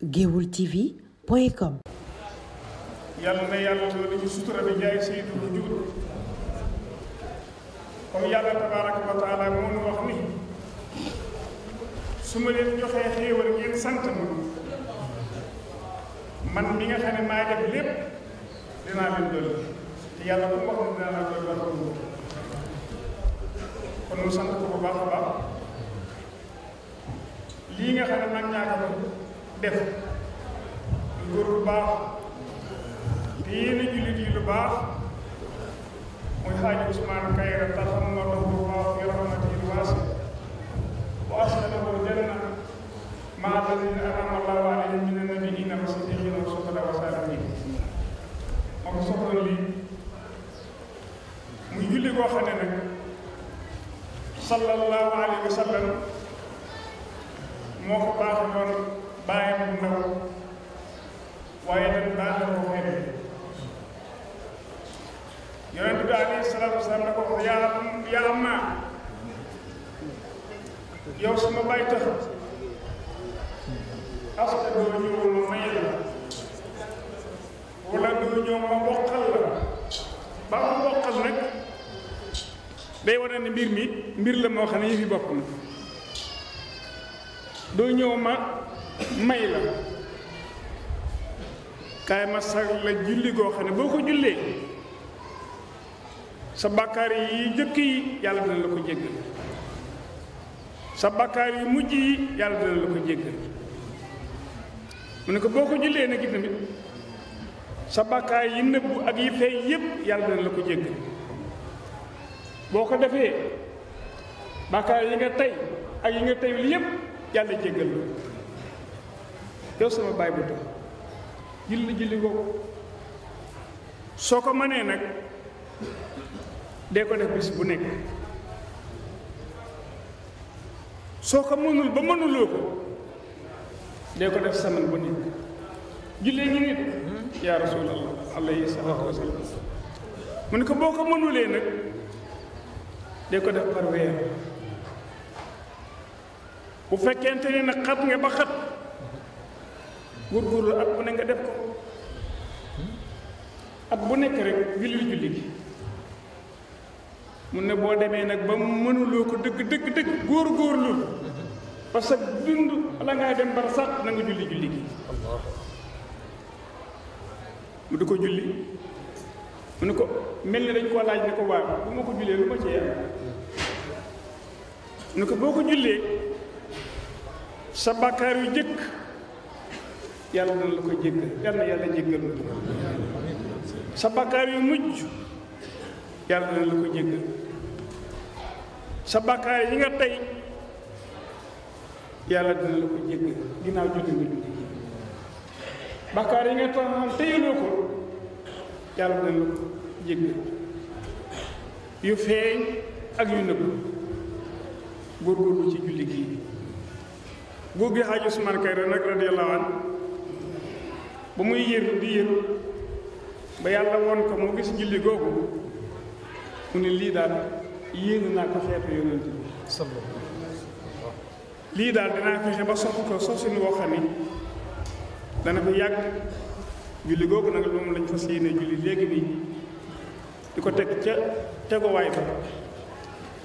gueoultv.com yàlla na yàlla loolu ci sutura bi jaay saytu bu jur yàlla tabaaraka wa taala moo nu wax ni su ma leen joxee xéewal ngeen sant ma man mi nga xam ne maa lépp dinaa leen dolli te yàlla bu ma waxoon dinaa la dolli wax kon nu sant ko bu baax baax lii nga xam ne man ñaaka ko def ñu lu baax te yéen jullit yi lu baax muy xaaji Ousmane Kayra tarhammahu Allahu bi rahmatihi waasi wa askanahul janna maa alladina anama Allahu alayhim min annabiina wa siddiqina wa suhada wa saalihin moo ko soxla lii muy julli koo xam ne nag sallallahu alayhi wa moo ko baaxoon bàyyam bu ndaw waaye nag baax na ko xamee yonent bi alayhi salaatu wasalaam ko wax yaa yaa maa yow suma bàyyi tax as ka ñëw ma may la wala doo ñëw ma bokkal la ba ma bokkal nag day wane ne mbir mi mbir la moo xam ne yëfi bopp na doo ñëw ma may la kaay ma sag la julli goo xam ne boo ko jullee sa bàkkaar yi jëkk yi yàlla dina la ko jéggal sa bàkkaar yi mujj yi yàlla dina la ko jéggal mu ne ko boo ko jullee nag tamit sa bàkkaar yi nëbbu ak yi feeñ yépp yàlla dina la ko jéggal boo ko defee bàkkaar yi nga tey ak yi nga teyul yépp yàlla jéggal la yow sama bay bu dox julli julli googu soo ko mënee nag dee ko def bis bu nek soko mënul ba mënul loko dé ko def saman bu nek jullee ñi nit yaa rasulallah alayhi salatu wasallam mu ko boko mënulé nak dé ko def par bu fekkenté nak xat nga ba xat góor at ak ne nga def ko at bu nekk rek jullil julli gi mun ne boo demee nag ba mu mënuloo ko dëgg dëgg dëgg góorgóorlu parce que dund ala ngaa dem bar sax julli julli gi mu di ko julli mu ne ko mel ni dañ ko laaj ne ko waaw bu ma ko jullee lu ma ci yàlla mu ne ko boo ko jullee sa bàkkaar yu jëkk yàlla na la ko jéggal yàlla sa bàkkaar yu mujj yàlla na la ko jéggal sa bàkkaar yi nga tey yàlla dina la ko jéggal ginnaaw julli nga julli bàkkaar yi nga tànnoon teyaloo ko yàlla dina la ko yu feeñ ak yu nëbb góorgóorlu ci julli gii góor gi xaaj Usmaan Kayre nag radiyallaahu anhu ba muy yër di yër ba yàlla woon ko mu gis julli googu mu ne lii daal yéen naa ko xeetu yonent bi lii daal dinaa fexe ba sox ko sosin woo xam ni dana fi yàgg julli googu nag moom lañ fas yéene julli léegi nii di ko teg ca teguwaay ba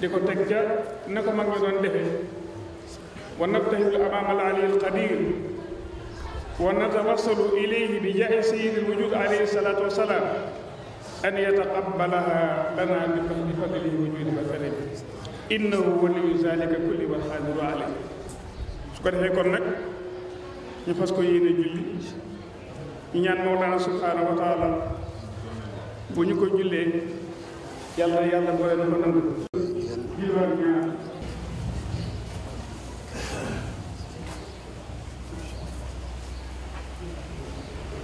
di ko teg ca na ko mag ñu doon defee wa nabtahilu amaama al-ali al-qadir ونتوصل إليه بجاه سيد الوجود عليه الصلاة والسلام أن يتقبلها لنا بفضله وجوده وكرمه إنه ولي ذلك كل والقادر عليه su ko defee kon nag ñu fas ko yéene julli ñu ñaan Mawlana subhanahu wa bu ñu ko jullee yàlla yàlla boole na ko nangu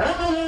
¡Ah!